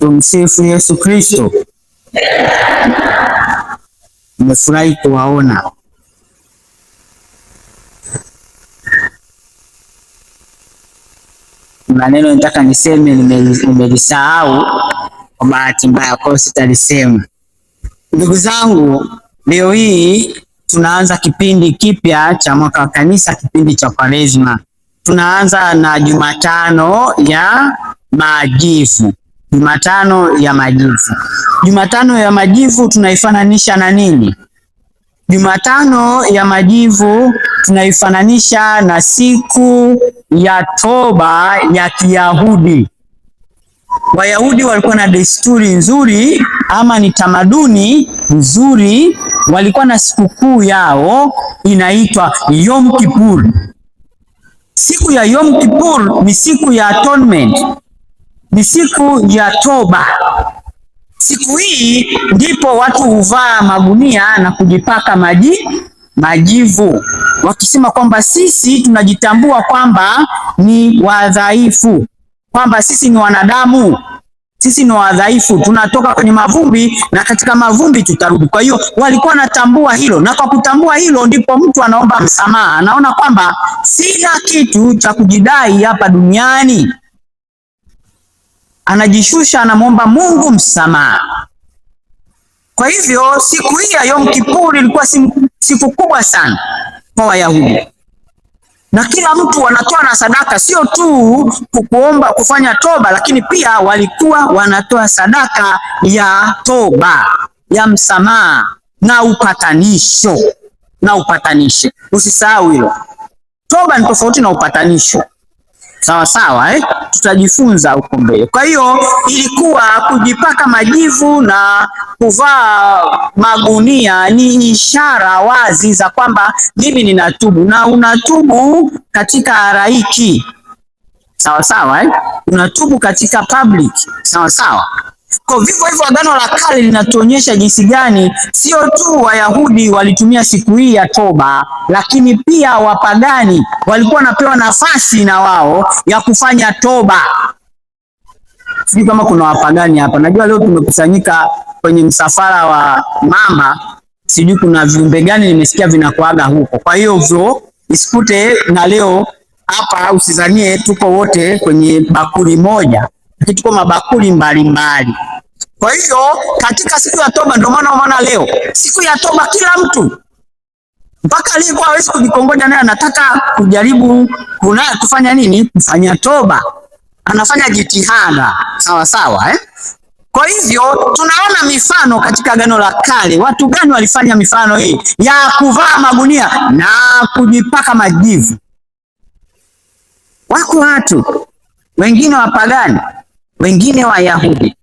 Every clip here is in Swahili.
Tumsifu Yesu Kristo. Nimefurahi kuwaona kuna neno nitaka niseme nimelisahau kwa bahati mbaya, kwa sitalisema. Ndugu zangu, leo hii tunaanza kipindi kipya cha mwaka wa kanisa, kipindi cha Kwaresma. Tunaanza na Jumatano ya Majivu. Jumatano ya majivu. Jumatano ya majivu tunaifananisha na nini? Jumatano ya majivu tunaifananisha na siku ya toba ya Kiyahudi. Wayahudi walikuwa na desturi nzuri ama ni tamaduni nzuri, walikuwa na sikukuu yao inaitwa Yom Kippur. Siku ya Yom Kippur ni siku ya atonement ni siku ya toba. Siku hii ndipo watu huvaa magunia na kujipaka maji majivu, wakisema kwamba sisi tunajitambua kwamba ni wadhaifu, kwamba sisi ni wanadamu, sisi ni wadhaifu, tunatoka kwenye mavumbi na katika mavumbi tutarudi. Kwa hiyo walikuwa wanatambua hilo, na kwa kutambua hilo ndipo mtu anaomba msamaha, anaona kwamba sina kitu cha kujidai hapa duniani anajishusha, anamwomba Mungu msamaha. Kwa hivyo siku hii ya Yom Kippur ilikuwa siku kubwa sana kwa Wayahudi, na kila mtu wanatoa na sadaka, sio tu kuomba kufanya toba, lakini pia walikuwa wanatoa sadaka ya toba ya msamaha na upatanisho. Na upatanisho, usisahau hilo. Toba ni tofauti na upatanisho sawa sawa, eh? Tutajifunza huko mbele. Kwa hiyo ilikuwa kujipaka majivu na kuvaa magunia ni ishara wazi za kwamba mimi ninatubu, na unatubu katika haraiki sawa sawa, eh? Unatubu katika public sawa sawa. Kwa vivyo hivyo Agano la Kale linatuonyesha jinsi gani sio tu Wayahudi walitumia siku hii ya toba, lakini pia wapagani walikuwa wanapewa nafasi na wao ya kufanya toba. Sijui kama kuna wapagani hapa. Najua leo tumekusanyika kwenye msafara wa mama, sijui kuna viumbe gani nimesikia vinakuaga huko. Kwa hiyo vyo isikute na leo hapa, usizanie tuko wote kwenye bakuli moja, tuko mabakuli mbalimbali mbali. Kwa hiyo katika siku ya toba, ndio maana maana leo siku ya toba, kila mtu mpaka aliyekuwa hawezi kujikongoja naye anataka kujaribu kuna kufanya nini, kufanya toba, anafanya jitihada sawa sawa, eh? Kwa hivyo tunaona mifano katika Agano la Kale. Watu gani walifanya mifano hii ya kuvaa magunia na kujipaka majivu? Wako watu wengine wapagani, wengine Wayahudi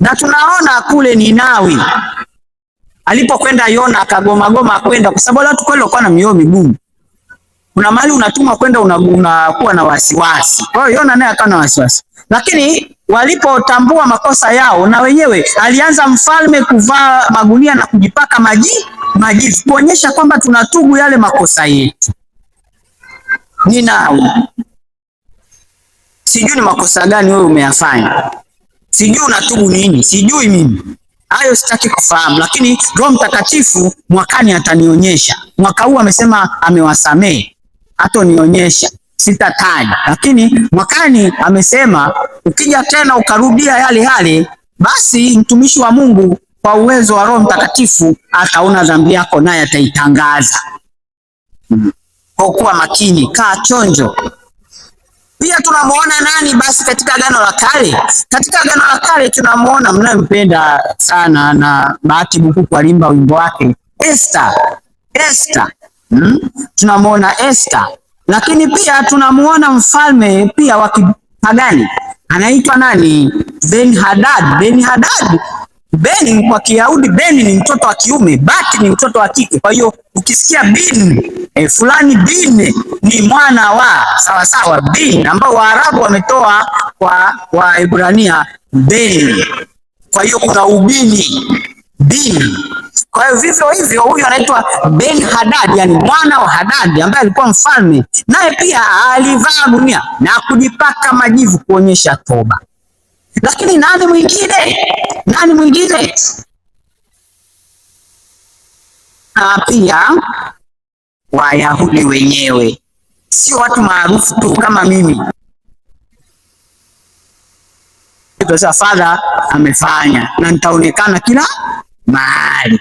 na tunaona kule Ninawi alipokwenda Yona akagoma goma kwenda, kwa sababu watu kweli walikuwa na mioyo migumu. Kuna mahali unatumwa kwenda unakuwa una na wasiwasi. Kwa hiyo Yona naye akawa na wasiwasi, lakini walipotambua makosa yao, na wenyewe alianza mfalme kuvaa magunia na kujipaka maji maji kuonyesha kwamba tunatubu yale makosa yetu. Ninawi, sijui ni makosa gani wewe umeyafanya Sijui unatubu nini, sijui mimi hayo sitaki kufahamu, lakini Roho Mtakatifu mwakani atanionyesha. Mwaka huu amesema amewasamehe, atonionyesha sitataja, lakini mwakani amesema ukija tena ukarudia yale yale, basi mtumishi wa Mungu kwa uwezo wa Roho Mtakatifu ataona dhambi yako naye ataitangaza. Kwa kuwa makini, kaa chonjo. Pia tunamuona nani basi katika Agano la Kale? Katika Agano la Kale tunamuona mnayempenda sana na Bahati Bukuku walimba wimbo wake Esther. Esther. Hmm? tunamuona Esther. Lakini pia tunamuona mfalme pia wa kipagani anaitwa nani? Ben Hadad. Ben Hadad. Ben kwa Kiyahudi Ben ni mtoto wa kiume, Bat ni mtoto wa kike. Kwa hiyo ukisikia Ben e, fulani bin ni mwana wa sawasawa, bin ambao Waarabu wametoa kwa Waebrania ben. Kwa hiyo kuna ubini bin. Kwa hiyo vivyo hivyo huyu anaitwa Ben Hadad, yani mwana wa Hadad ambaye alikuwa mfalme, naye pia alivaa gunia na kujipaka majivu kuonyesha toba. Lakini nani mwingine? Nani mwingine? Na ah, pia Wayahudi wenyewe, sio watu maarufu tu kama mimi. Sasa fadha amefanya na nitaonekana kila mahali,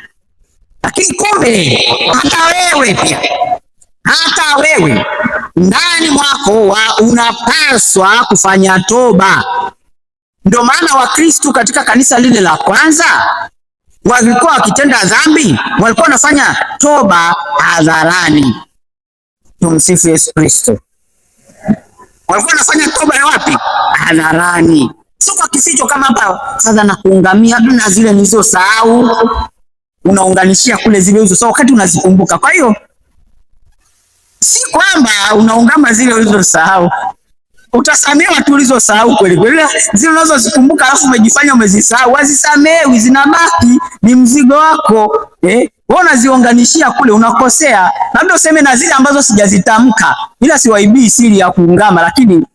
lakini kumbe hata wewe pia, hata wewe ndani mwako wa unapaswa kufanya toba. Ndio maana Wakristu katika kanisa lile la kwanza walikuwa wakitenda dhambi, walikuwa wanafanya toba hadharani. Tumsifu Yesu Kristo. Walikuwa wanafanya toba ya wapi? Hadharani, sio kwa kificho kama hapa sasa. Nakuungamia na zile nilizosahau, unaunganishia kule zile ulizosahau wakati unazikumbuka. Kwa hiyo si kwamba unaungama zile ulizosahau utasamehewa tu ulizosahau kweli kweli, zile unazozikumbuka alafu umejifanya umezisahau, wazisamehewi, zinabaki ni mzigo wako eh. Wewe unaziunganishia kule, unakosea. Labda useme na zile ambazo sijazitamka, ila siwaibii siri ya kuungama, lakini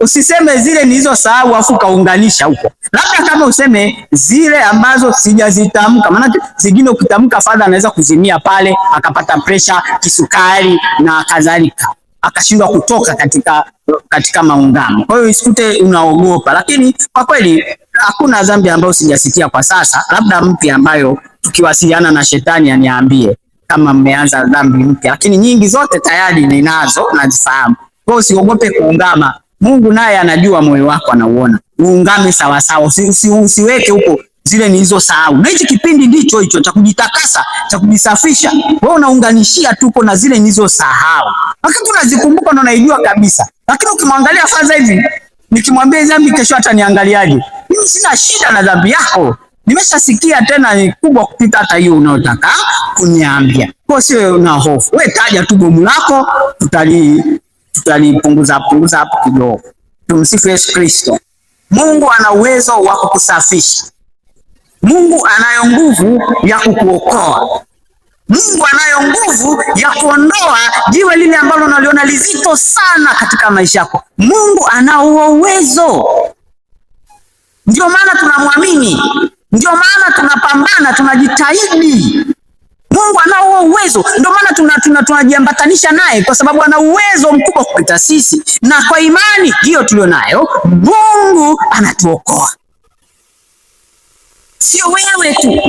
usiseme zile nilizosahau afu kaunganisha huko, labda kama useme zile ambazo sijazitamka, maana zingine ukitamka fadha anaweza kuzimia pale akapata presha, kisukari na kadhalika akashindwa kutoka katika, katika maungamo. Kwa hiyo isikute unaogopa, lakini kwa kweli hakuna dhambi ambayo sijasikia kwa sasa, labda mpya ambayo tukiwasiliana na shetani aniambie kama mmeanza dhambi mpya, lakini nyingi zote tayari ninazo nazifahamu. Kwa hiyo usiogope kuungama. Mungu naye anajua moyo wako, anauona. Uungame sawasawa, usiweke usi, usi huko zile nilizosahau, na hichi kipindi ndicho hicho cha kujitakasa cha kujisafisha. Wewe unaunganishia tuko na zile nilizosahau, lakini unazikumbuka na unaijua kabisa, lakini ukimwangalia fadha hivi, nikimwambia dhambi kesho ataniangaliaje? Mimi sina shida na dhambi yako, nimeshasikia tena ni kubwa kupita hata hiyo unayotaka kuniambia. Kwa sio na hofu, wewe taja tu bomu lako, tutali tutalipunguza punguza hapo kidogo. Tumsifu Yesu Kristo. Mungu ana uwezo wa kukusafisha. Mungu anayo nguvu ya kukuokoa. Mungu anayo nguvu ya kuondoa jiwe lile ambalo unaliona lizito sana katika maisha yako. Mungu anao uwezo, ndio maana tunamwamini, ndio maana tunapambana, tunajitahidi. Mungu anao uwezo, ndio maana tunajiambatanisha tuna, naye, kwa sababu ana uwezo mkubwa kupita sisi, na kwa imani hiyo tulionayo Mungu anatuokoa sio wewe tu,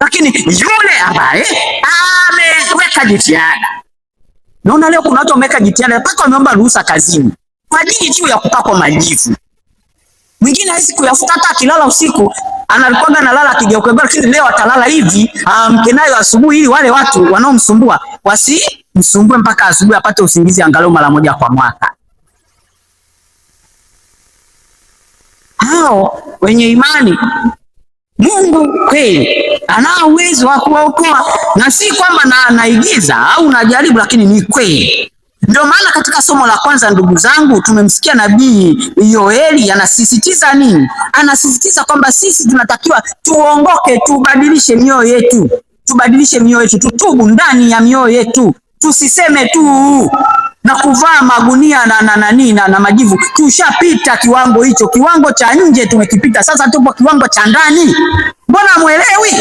lakini yule ambaye ameweka jitihada. Naona leo kuna watu wameweka jitihada mpaka wameomba ruhusa kazini kwa ajili tu ya kupakwa majivu. Mwingine hawezi kuyafuta, hata akilala usiku analikwaga analala akigeuka, lakini leo atalala hivi amke nayo asubuhi, ili wale watu wanaomsumbua wasimsumbue mpaka asubuhi, apate usingizi angalau mara moja kwa mwaka. Hao wenye imani Mungu kweli anao uwezo wa kuwaokoa, na si kwamba na naigiza au najaribu, lakini ni kweli. Ndio maana katika somo la kwanza, ndugu zangu, tumemsikia nabii Yoeli anasisitiza nini? Anasisitiza kwamba sisi tunatakiwa tuongoke, tubadilishe mioyo yetu, tubadilishe mioyo yetu, tutubu ndani ya mioyo yetu, tusiseme tu na kuvaa magunia na na nani na, na majivu. Tushapita kiwango hicho, kiwango cha nje tumekipita, sasa tupo kiwango cha ndani. Mbona mwelewi?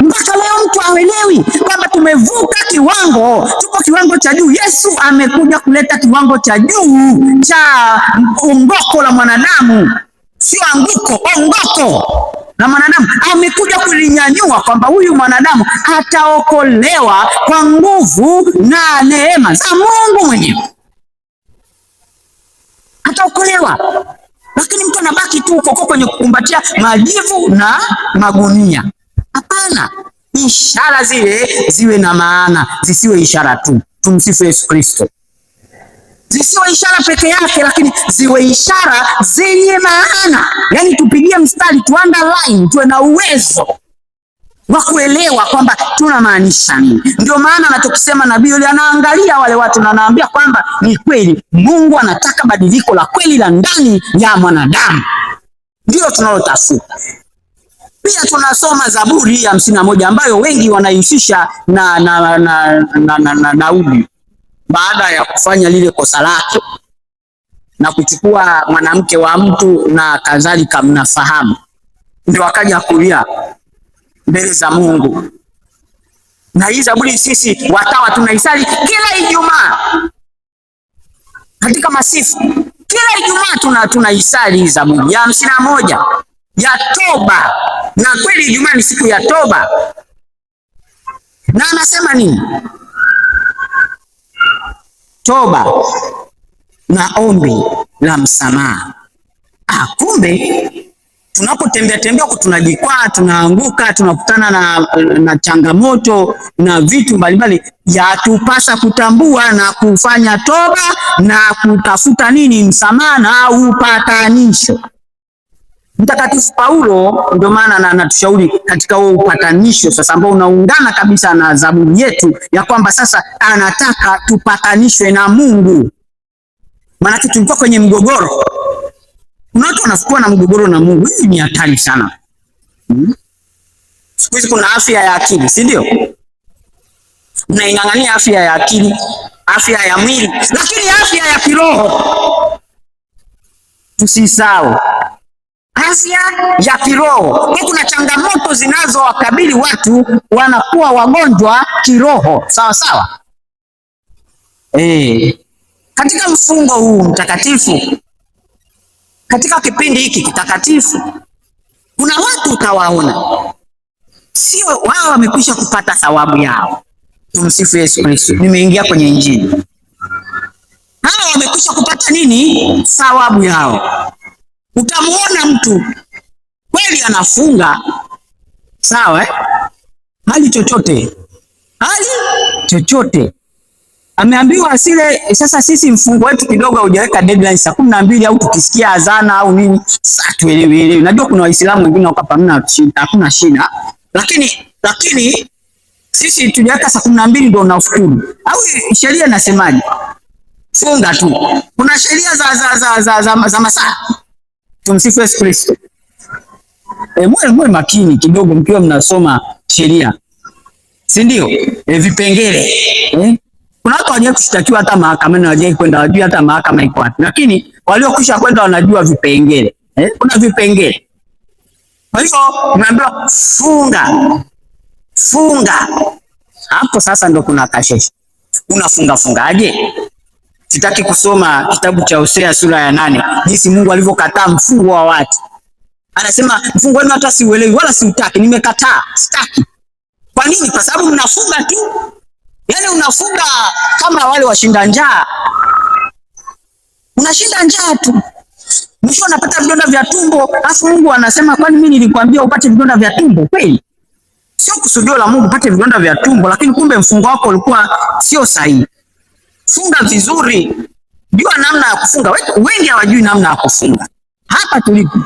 Mpaka leo mtu awelewi kwamba tumevuka kiwango, tupo kiwango cha juu. Yesu amekuja kuleta kiwango cha juu cha ongoko la mwanadamu, sio anguko, ongoko na mwanadamu amekuja kulinyanyua kwamba huyu mwanadamu ataokolewa kwa nguvu na neema za Mungu mwenyewe, ataokolewa. Lakini mtu anabaki tu huko kwenye kukumbatia majivu na magunia. Hapana, ishara zile ziwe na maana, zisiwe ishara tu. Tumsifu Yesu Kristo zisiwe ishara peke yake, lakini ziwe ishara zenye maana, yaani tupigie mstari, tu underline, tuwe na uwezo wa kuelewa kwamba tunamaanisha nini. Ndio maana anachokisema nabii yule, anaangalia wale watu na anaambia kwamba ni kweli, Mungu anataka badiliko la kweli la ndani ya mwanadamu, ndio tunalotafuta. Pia tunasoma Zaburi ya hamsini na moja ambayo wengi wanaihusisha na, na, na, na, na, na, na na baada ya kufanya lile kosa lake na kuchukua mwanamke wa mtu na kadhalika, mnafahamu. Ndio akaja kulia mbele za Mungu, na hii zaburi sisi watawa tunaisali kila Ijumaa katika masifu, kila Ijumaa tuna tunaisali hii zaburi ya hamsini na moja ya toba, na kweli Ijumaa ni siku ya toba. Na anasema nini? toba na ombi la msamaha. Ah, kumbe tunapotembea tembea huko tunajikwaa, tunaanguka, tunakutana na, na changamoto na vitu mbalimbali, yatupasa kutambua na kufanya toba na kutafuta nini, msamaha na upatanisho. Mtakatifu Paulo ndio maana anatushauri katika huo upatanisho sasa, ambao unaungana kabisa na Zaburi yetu ya kwamba sasa anataka tupatanishwe na Mungu. Maanake tulikuwa kwenye mgogoro. Kuna watu wanafukua na mgogoro na Mungu, hii ni hatari sana hmm? Siku hizi kuna afya ya akili, si ndio? Unaing'ang'ania afya ya akili, afya ya mwili, lakini afya ya kiroho tusisahau afya ya kiroho. Kuna changamoto zinazowakabili watu, wanakuwa wagonjwa kiroho, sawa sawa. E, katika mfungo huu mtakatifu, katika kipindi hiki kitakatifu, kuna watu utawaona sio wao wamekwisha kupata thawabu yao. Tumsifu Yesu Kristo. Nimeingia kwenye Injili. Hawa wamekwisha kupata nini? Thawabu yao utamuona mtu kweli anafunga sawa, eh? hali chochote, hali chochote ameambiwa asile. Sasa sisi mfungo wetu kidogo haujaweka deadline saa kumi na mbili au tukisikia adhana au nini, sasa tuelewe elewe. Najua kuna Waislamu wengine wakapa, hamna hakuna shida, lakini lakini sisi tujaweka saa kumi na mbili ndio unafuturu au sheria inasemaje? Funga tu. Kuna sheria za, za, za, za, za, za masaa Tumsifu Yesu Kristo. E, mwe mwe makini kidogo mkiwa mnasoma sheria, si ndio? E, vipengele e? Kuna watu hawajawahi kushtakiwa hata mahakamani, hawajawahi kwenda, hawajui hata mahakama iko wapi, lakini waliokwisha kwenda wanajua vipengele eh? Kuna vipengele. Kwa hivyo unaambiwa funga, funga. Hapo sasa ndo kuna kashesha. Unafunga fungaje? Sitaki kusoma kitabu cha Hosea sura ya nane, jinsi Mungu alivyokataa mfungo wa watu. Anasema mfungo wenu hata siuelewi wala siutaki, nimekataa, sitaki. Kwa nini? Kwa sababu mnafuga tu, yaani unafuga kama wale washinda njaa, unashinda njaa tu, mwisho unapata vidonda vya tumbo. Alafu Mungu anasema kwani mimi nilikwambia upate vidonda vya tumbo kweli? Sio kusudio la Mungu upate vidonda vya tumbo, lakini kumbe mfungo wako ulikuwa sio sahihi funga vizuri, jua namna ya kufunga. Wengi hawajui namna ya kufunga. Hapa tulipo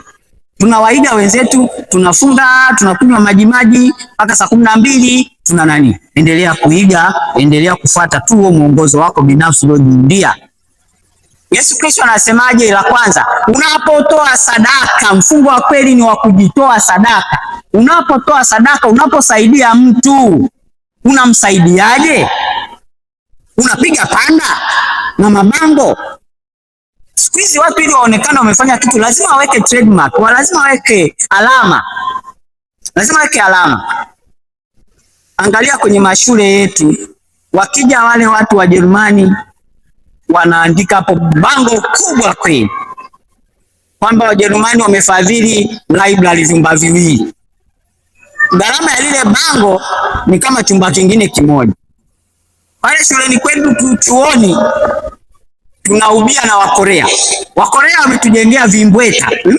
tunawaiga wenzetu, tunafunga tunakunywa maji maji mpaka saa kumi na mbili tuna nani. Endelea kuiga, endelea kufuata tu huo mwongozo wako binafsi uliojiundia. Yesu Kristo anasemaje? La kwanza, unapotoa sadaka, mfungo wa kweli ni wa kujitoa sadaka. Unapotoa sadaka, unaposaidia mtu unamsaidiaje? unapiga panda na mabango. Siku hizi watu ili waonekane wamefanya kitu, lazima waweke trademark, lazima waweke alama, lazima waweke alama. Angalia kwenye mashule yetu, wakija wale watu wa Jerumani wanaandika hapo bango kubwa kweli kwamba Wajerumani wamefadhili library vyumba viwili. Gharama ya lile bango ni kama chumba kingine kimoja pale shuleni kwetu tuchuoni tunaubia na Wakorea. Wakorea wametujengea vimbweta hmm?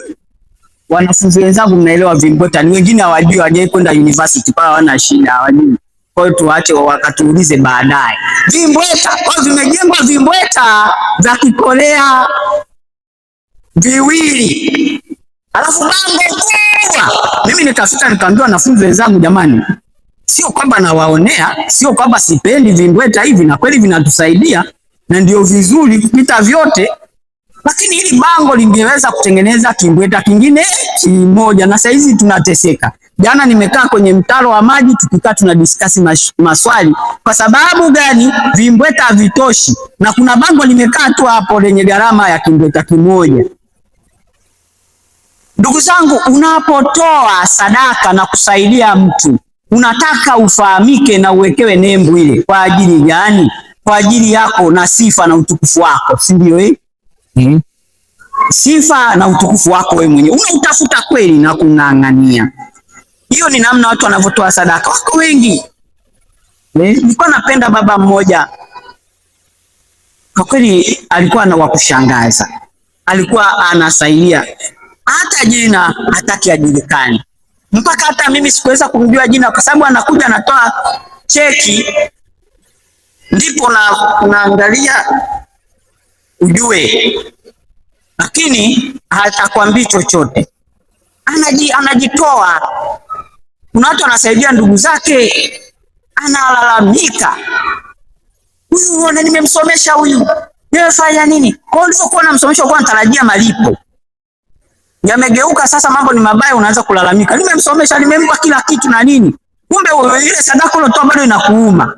Wanafunzi wenzangu, mnaelewa vimbweta ni wengine hawajui, hawajai kwenda university, pale, hawana shida, hawajui. Kwa hiyo tuache wakatuulize baadaye. Vimbweta kwa vimejengwa vimbweta za Kikorea viwili, alafu bango kubwa. Mimi nikafika nikaambia wanafunzi wenzangu, jamani Sio kwamba nawaonea, sio kwamba sipendi vimbweta hivi, na kweli vinatusaidia na ndio vizuri kupita vyote, lakini hili bango lingeweza kutengeneza kimbweta kingine kimoja, na saizi tunateseka. Jana nimekaa kwenye mtaro wa maji tukikaa tuna discuss maswali. Kwa sababu gani vimbweta havitoshi? Na kuna bango limekaa tu hapo lenye gharama ya kimbweta kimoja. Ndugu zangu, unapotoa sadaka na kusaidia mtu unataka ufahamike na uwekewe nembo ile kwa ajili gani? Kwa ajili yako na sifa na utukufu wako, si ndio eh? Mm. Sifa na utukufu wako wewe mwenyewe unautafuta kweli na kung'ang'ania. Hiyo ni namna watu wanavyotoa sadaka, wako wengi eh. Nilikuwa napenda baba mmoja kwa kweli, alikuwa na wakushangaza, alikuwa anasaidia hata jina hataki ajulikane mpaka hata mimi sikuweza kumjua jina, kwa sababu anakuja anatoa cheki, ndipo na unaangalia ujue, lakini hatakwambii chochote, anaji anajitoa. Kuna watu anasaidia ndugu zake, analalamika huyu, nimemsomesha huyu, fanya nini. Kwa hiyo ulivyokuwa namsomesha, kwa natarajia malipo Yamegeuka sasa, mambo ni mabaya, unaanza kulalamika, nimemsomesha, nimempa kila kitu na nini, kumbe ile sadaka ulotoa bado inakuuma.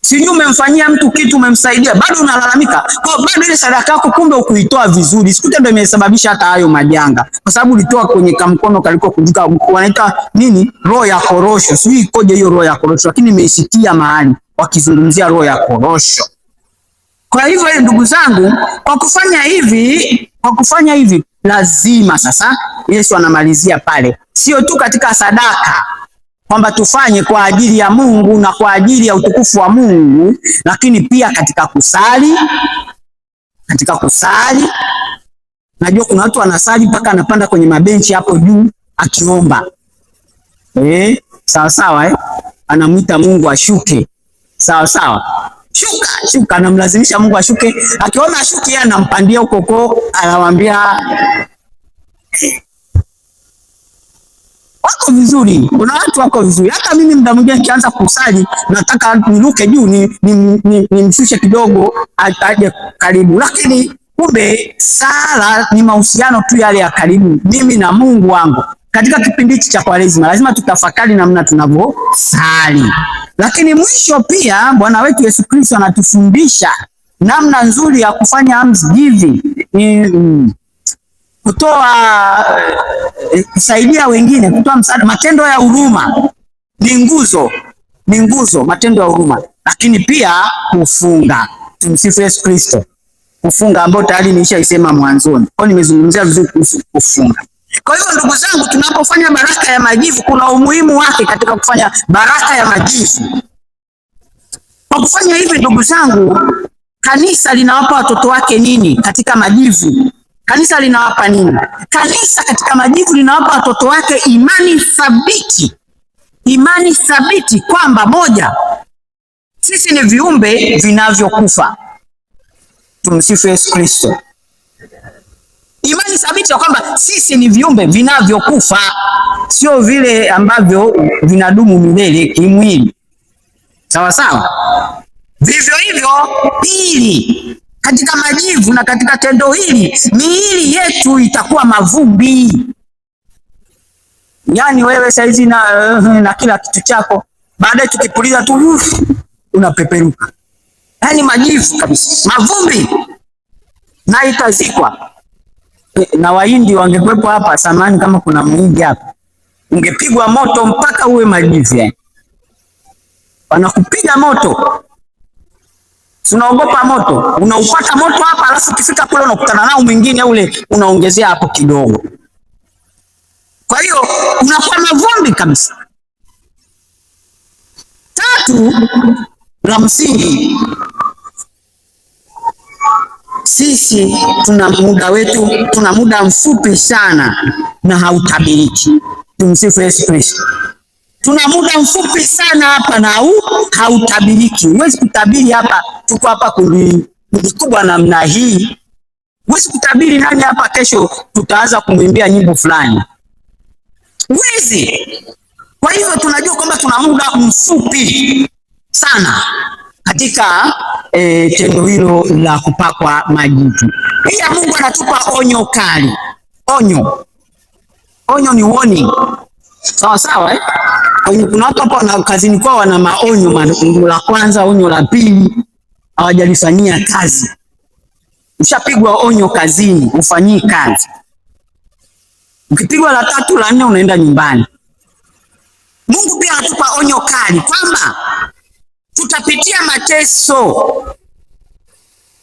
Sijui umemfanyia mtu kitu, umemsaidia, bado unalalamika, kwa bado ile sadaka yako, kumbe ukuitoa vizuri. Sikuta ndio imesababisha hata hayo majanga, kwa sababu ulitoa kwenye kamkono kaliko kujika, wanaita nini, roho ya korosho. Sijui ikoje hiyo roho ya korosho, lakini nimeisikia mahali wakizungumzia roho ya korosho. Kwa hivyo eh, ndugu zangu, kwa kufanya hivi, kwa kufanya hivi lazima sasa, Yesu anamalizia pale, sio tu katika sadaka kwamba tufanye kwa ajili ya Mungu na kwa ajili ya utukufu wa Mungu, lakini pia katika kusali, katika kusali. Najua kuna watu wanasali mpaka anapanda kwenye mabenchi hapo juu akiomba, eh, sawa sawa, eh, anamwita Mungu ashuke, sawa sawa shuka shuka, anamlazimisha Mungu ashuke. Akiona ashuke, anampandia anampandia ukoko, anamwambia wako vizuri, kuna watu wako vizuri. Hata mimi muda mwingine nikianza kusali, nataka niruke juu nimshushe ni, ni, ni kidogo aje karibu, lakini kumbe sala ni mahusiano tu yale ya karibu, mimi na Mungu wangu katika kipindi hichi cha Kwaresima lazima tutafakari namna tunavyosali, lakini mwisho pia Bwana wetu Yesu Kristo anatufundisha namna nzuri ya kufanya almsgiving, mm, kutoa eh, kusaidia wengine, kutoa msaada. Matendo ya huruma ni nguzo, ni nguzo, matendo ya huruma, lakini pia kufunga. Tumsifu Yesu Kristo. Kufunga ambao tayari nilishaisema mwanzoni, kwa nimezungumzia vizuri kuhusu kufunga. Kwa hiyo ndugu zangu, tunapofanya baraka ya majivu kuna umuhimu wake katika kufanya baraka ya majivu. Kwa kufanya hivi, ndugu zangu, kanisa linawapa watoto wake nini katika majivu? Kanisa linawapa nini? Kanisa katika majivu linawapa watoto wake imani thabiti, imani thabiti kwamba moja, sisi ni viumbe vinavyokufa. Tumsifu Yesu Kristo. Imani thabiti ya kwamba sisi ni viumbe vinavyokufa, sio vile ambavyo vinadumu milele kimwili. Sawa sawa. Vivyo hivyo, pili, katika majivu na katika tendo hili, miili yetu itakuwa mavumbi. yani wewe saizi na, eh, na kila kitu chako, baadaye tukipuliza tu unapeperuka, yani majivu kabisa, mavumbi na itazikwa Eh, na Wahindi wangekwepo hapa samani, kama kuna Mhindi hapa, ungepigwa moto mpaka uwe majivu. Eh. Wanakupiga moto, unaogopa moto, unaupata moto hapa, alafu ukifika kule unakutana nao mwingine ule, unaongezea hapo kidogo. Kwa hiyo unakuwa mavumbi kabisa. Tatu la msingi sisi tuna muda wetu, tuna muda mfupi sana na hautabiriki. Tumsifu Yesu Kristo. Tuna muda mfupi sana hapa na hau hautabiriki. Huwezi kutabiri hapa, tuko hapa kundi kubwa namna hii, huwezi kutabiri nani hapa kesho tutaanza kumwimbia nyimbo fulani, huwezi. Kwa hiyo tunajua kwamba tuna muda mfupi sana katika e, tendo hilo la kupakwa majivu. Pia Mungu anatupa onyo kali. Onyo, onyo ni warning, sawa sawa eh? Kuna watu hapa na kazini kwao wana maonyo, la kwanza, onyo la pili, hawajalifanyia kazi. Ushapigwa onyo kazini, ufanyii kazi. Ukipigwa la tatu, la nne, unaenda nyumbani. Mungu pia anatupa onyo kali kwamba tutapitia mateso,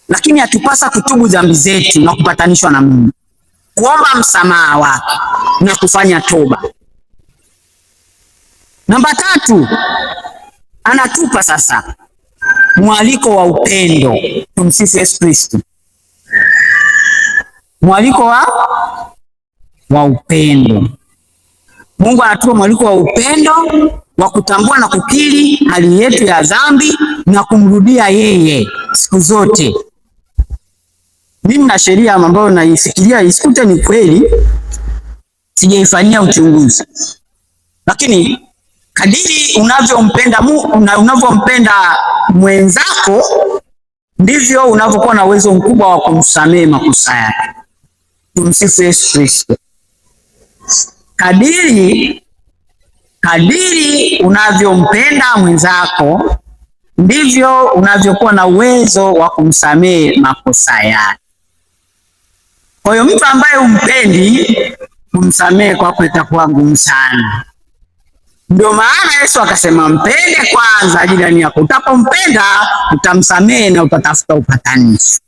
lakini hatupasa kutubu dhambi zetu na kupatanishwa na Mungu, kuomba msamaha wake na kufanya toba. Namba tatu, anatupa sasa mwaliko wa upendo. Tumsifu Yesu Kristo. Mwaliko wa wa upendo. Mungu anatupa mwaliko wa upendo wa kutambua na kukiri hali yetu ya dhambi na kumrudia yeye siku zote. Mimi na sheria ambayo naifikiria isikute ni kweli, sijaifanyia uchunguzi, lakini kadiri unavyompenda unavyompenda mwenzako ndivyo unavyokuwa na uwezo mkubwa wa kumsamehe makosa yake. Tumsifu Yesu Kristo. Kadiri kadiri unavyompenda mwenzako ndivyo unavyokuwa na uwezo wa kumsamehe makosa yake. Kwa hiyo mtu ambaye umpendi kumsamehe kwako itakuwa ngumu sana. Ndio maana Yesu akasema mpende kwanza jirani yako, utapompenda utamsamehe na utatafuta upatanisho.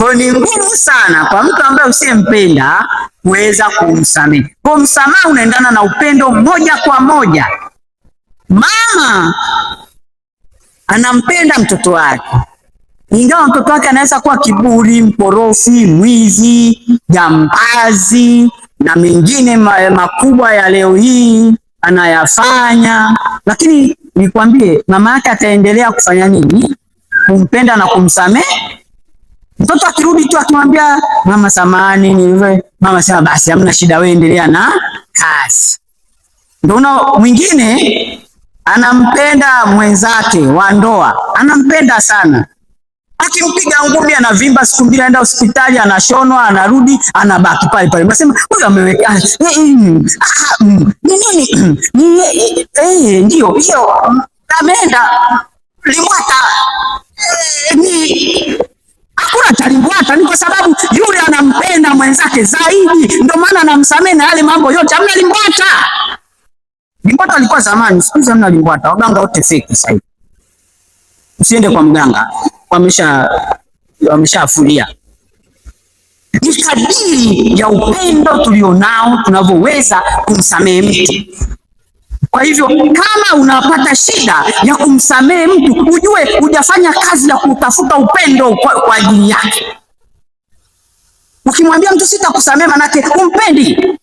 Kwa ni ngumu sana kwa mtu ambaye usiyempenda kuweza kumsamehe. Kwa msamaha unaendana na upendo moja kwa moja. Mama anampenda mtoto wake, ingawa mtoto wake anaweza kuwa kiburi, mkorofi, mwizi, jambazi na mengine makubwa ya leo hii anayafanya, lakini nikwambie, mama yake ataendelea kufanya nini? Kumpenda na kumsamehe Mtoto akirudi tu akimwambia mama, samani ni nilivyo, mama sema basi, hamna shida, wewe endelea na kazi. Ndio una mwingine anampenda mwenzake wa ndoa, anampenda sana, akimpiga ngumi anavimba siku mbili, anaenda hospitali, anashonwa, anarudi, anabaki pale pale. Nasema huyo ameweka nini? Ndio hiyo mm, ameenda limwata eh, ni hakuna talimbwata, ni kwa sababu yule anampenda mwenzake zaidi, ndio maana anamsamehe na yale mambo yote. Hamna limbwata. Limbwata alikuwa zamani, siku hizi hamna limbwata. Waganga wote fake sasa hivi. Usiende kwa mganga, wamesha wameshafulia. Ni kadiri ya upendo tulionao tunavyoweza kumsamehe mtu. Kwa hivyo kama unapata shida ya kumsamehe mtu, ujue hujafanya kazi ya kutafuta upendo kwa ajili yake. Ukimwambia mtu sitakusamehe, manake umpendi.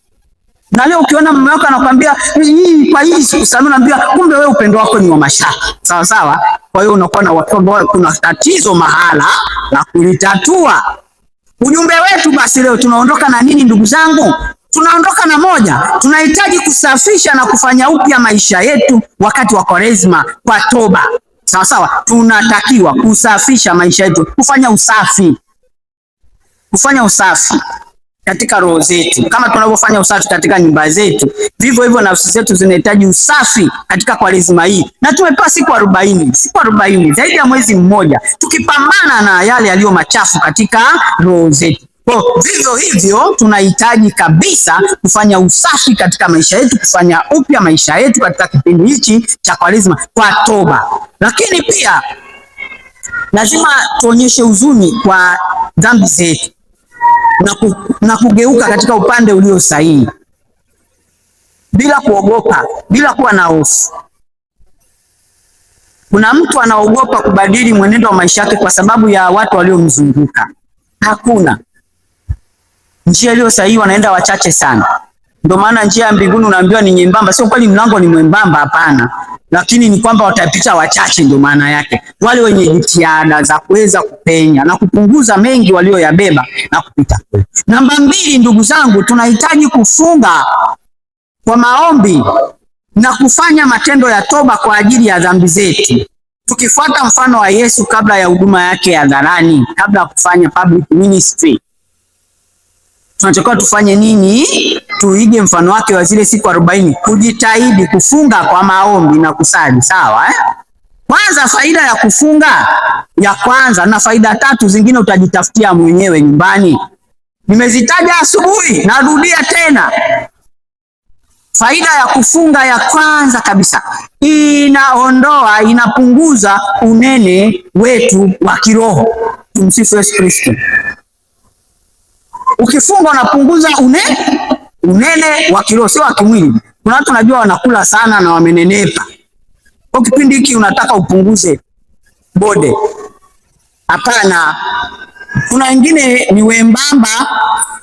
Na leo ukiona mume wako anakwambia hii kwa hii sikusamehe, unaambia kumbe wewe upendo wako ni wa mashaka. Sawa sawa. Kwa hiyo unakuwa na watu, kuna tatizo mahala na kulitatua. Ujumbe wetu basi leo tunaondoka na nini, ndugu zangu? tunaondoka na moja, tunahitaji kusafisha na kufanya upya maisha yetu wakati wa Kwaresma kwa toba. Sawa sawa, tunatakiwa kusafisha maisha yetu, kufanya usafi, kufanya usafi katika roho zetu, kama tunavyofanya usafi katika nyumba zetu, vivyo hivyo nafsi zetu zinahitaji usafi katika Kwaresma hii, na tumepewa siku arobaini, siku arobaini, zaidi ya mwezi mmoja, tukipambana na yale yaliyo machafu katika roho zetu. Kwa vivyo hivyo tunahitaji kabisa kufanya usafi katika maisha yetu, kufanya upya maisha yetu katika kipindi hichi cha Kwaresma kwa toba, lakini pia lazima tuonyeshe huzuni kwa dhambi zetu na, ku, na kugeuka katika upande ulio sahihi bila kuogopa, bila kuwa na hofu. Kuna mtu anaogopa kubadili mwenendo wa maisha yake kwa sababu ya watu waliomzunguka. Hakuna Njia iliyo sahihi wanaenda wachache sana. Ndio maana njia ya mbinguni unaambiwa ni nyembamba, sio kweli mlango ni mwembamba, hapana, lakini ni kwamba watapita wachache, ndio maana yake, wale wenye jitihada za kuweza kupenya na kupunguza mengi walioyabeba na kupita Namba mbili, ndugu zangu, tunahitaji kufunga kwa maombi na kufanya matendo ya toba kwa ajili ya dhambi zetu, tukifuata mfano wa Yesu kabla ya huduma yake hadharani, kabla ya kufanya public ministry tunachokiwa tufanye nini? Tuige mfano wake wa zile siku arobaini, kujitahidi kufunga kwa maombi na kusali, sawa eh? Kwanza faida ya kufunga ya kwanza, na faida tatu zingine utajitafutia mwenyewe nyumbani. Nimezitaja asubuhi, narudia tena. Faida ya kufunga ya kwanza kabisa, inaondoa inapunguza unene wetu wa kiroho. Tumsifu Yesu Kristo. Ukifunga unapunguza une, unene wa kiroho, sio wa kimwili. Kuna watu najua wanakula sana na wamenenepa. Kwa kipindi hiki unataka upunguze bode? Hapana. Kuna wengine ni wembamba,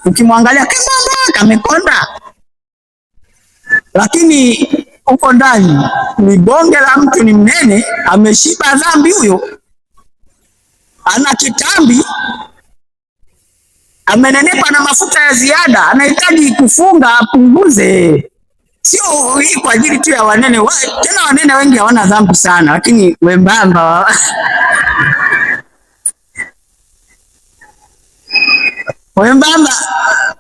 ukimwangalia kimbamba, kamekonda, lakini huko ndani ni bonge la mtu, ni mnene, ameshiba dhambi, huyo ana kitambi amenenepa na mafuta ya ziada, anahitaji kufunga apunguze, sio hii kwa ajili tu ya wanene wa, tena wanene wengi hawana dhambi sana, lakini wembamba wembamba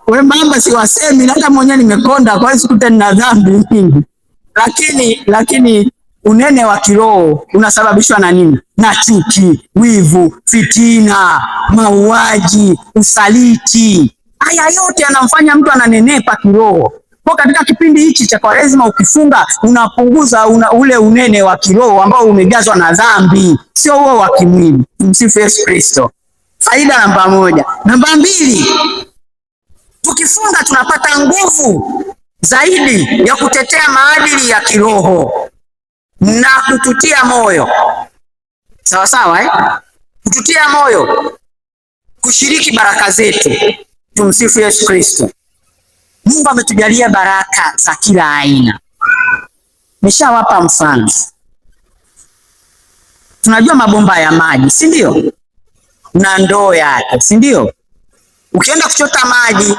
wembamba, si wasemi hata mwenyewe nimekonda kwa hiyo tena, nina dhambi nyingi, lakini lakini Unene wa kiroho unasababishwa na nini? Na chuki, wivu, fitina, mauaji, usaliti. Haya yote yanamfanya mtu ananenepa kiroho. Kwa katika kipindi hichi cha Kwaresma ukifunga unapunguza una, ule unene wa kiroho ambao umejazwa na dhambi, sio huo wa kimwili. Msifu Yesu Kristo. Faida namba moja. Namba mbili, tukifunga tunapata nguvu zaidi ya kutetea maadili ya kiroho na kututia moyo sawa sawa, eh? kututia moyo kushiriki baraka zetu. Tumsifu Yesu Kristo. Mungu ametujalia baraka za kila aina, nishawapa mfano. Tunajua mabomba ya maji, si ndio? na ndoo yake, si ndio? Ukienda kuchota maji,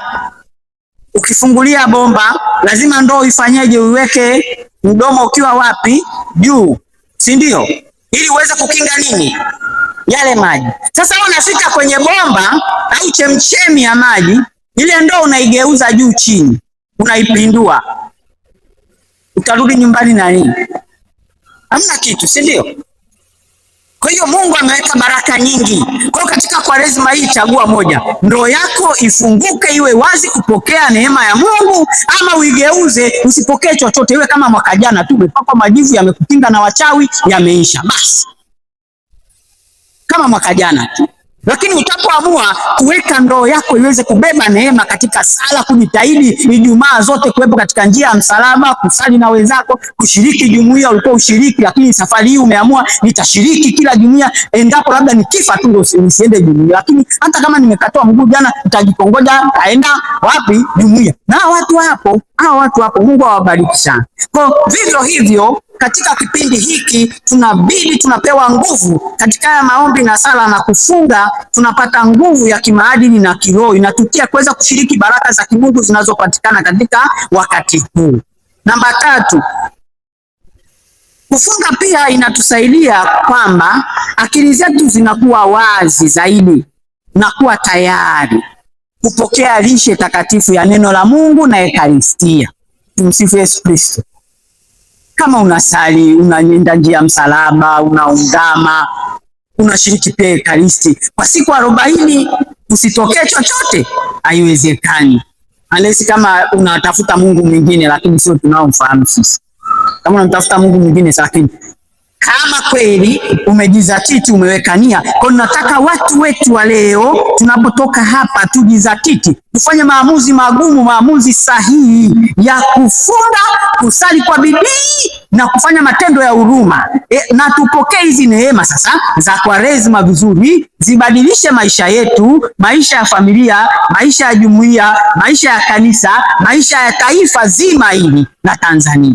ukifungulia bomba lazima ndoo ifanyeje? Uiweke mdomo ukiwa wapi? Juu, si ndio? Ili uweze kukinga nini? Yale maji. Sasa wewe unafika kwenye bomba au chemchemi ya maji, ile ndoo unaigeuza juu chini, unaipindua. Utarudi nyumbani na nini? Hamna kitu, si ndio? Kwa hiyo Mungu ameweka baraka nyingi. Kwa hiyo katika Kwaresima hii chagua moja, ndoo yako ifunguke, iwe wazi kupokea neema ya Mungu, ama uigeuze usipokee chochote, iwe kama mwaka jana tu, umepakwa majivu, yamekupinga na wachawi, yameisha basi, kama mwaka jana tu. Lakini utapoamua kuweka ndoo yako iweze kubeba neema katika sala, kujitahidi Ijumaa zote kuwepo katika njia ya msalaba, kusali na wenzako, kushiriki jumuiya ulikuwa ushiriki, lakini safari hii umeamua nitashiriki kila jumuiya, endapo labda nikifa tu ndio nisiende jumuiya. Lakini hata kama nimekatoa mguu jana, nitajikongoja taenda wapi? Jumuiya. Na watu hapo, hao watu hapo, Mungu awabariki sana. Kwa vivyo hivyo katika kipindi hiki tunabidi tunapewa nguvu katika haya maombi na sala na kufunga, tunapata nguvu ya kimaadili na kiroho, inatutia kuweza kushiriki baraka za kimungu zinazopatikana katika wakati huu. Namba tatu, kufunga pia inatusaidia kwamba akili zetu zinakuwa wazi zaidi na kuwa tayari kupokea lishe takatifu ya neno la Mungu na Ekaristia. Tumsifu Yesu Kristo kama unasali, unaenda njia ya msalaba, unaungama, unashiriki pia ekaristi kwa siku arobaini, usitokee chochote, haiwezekani Alesi, kama unatafuta Mungu mwingine, lakini sio tunaomfahamu sisi. Kama unamtafuta Mungu mwingine lakini kama kweli umejizatiti umeweka nia. Kwa nataka watu wetu wa leo tunapotoka hapa tujizatiti kufanya maamuzi magumu, maamuzi sahihi ya kufunga, kusali kwa bidii na kufanya matendo ya huruma e, na tupokee hizi neema sasa za Kwaresma vizuri, zibadilishe maisha yetu, maisha ya familia, maisha ya jumuiya, maisha ya kanisa, maisha ya taifa zima hili la Tanzania.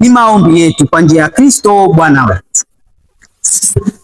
Ni maombi yetu kwa njia ya Kristo Bwana wetu.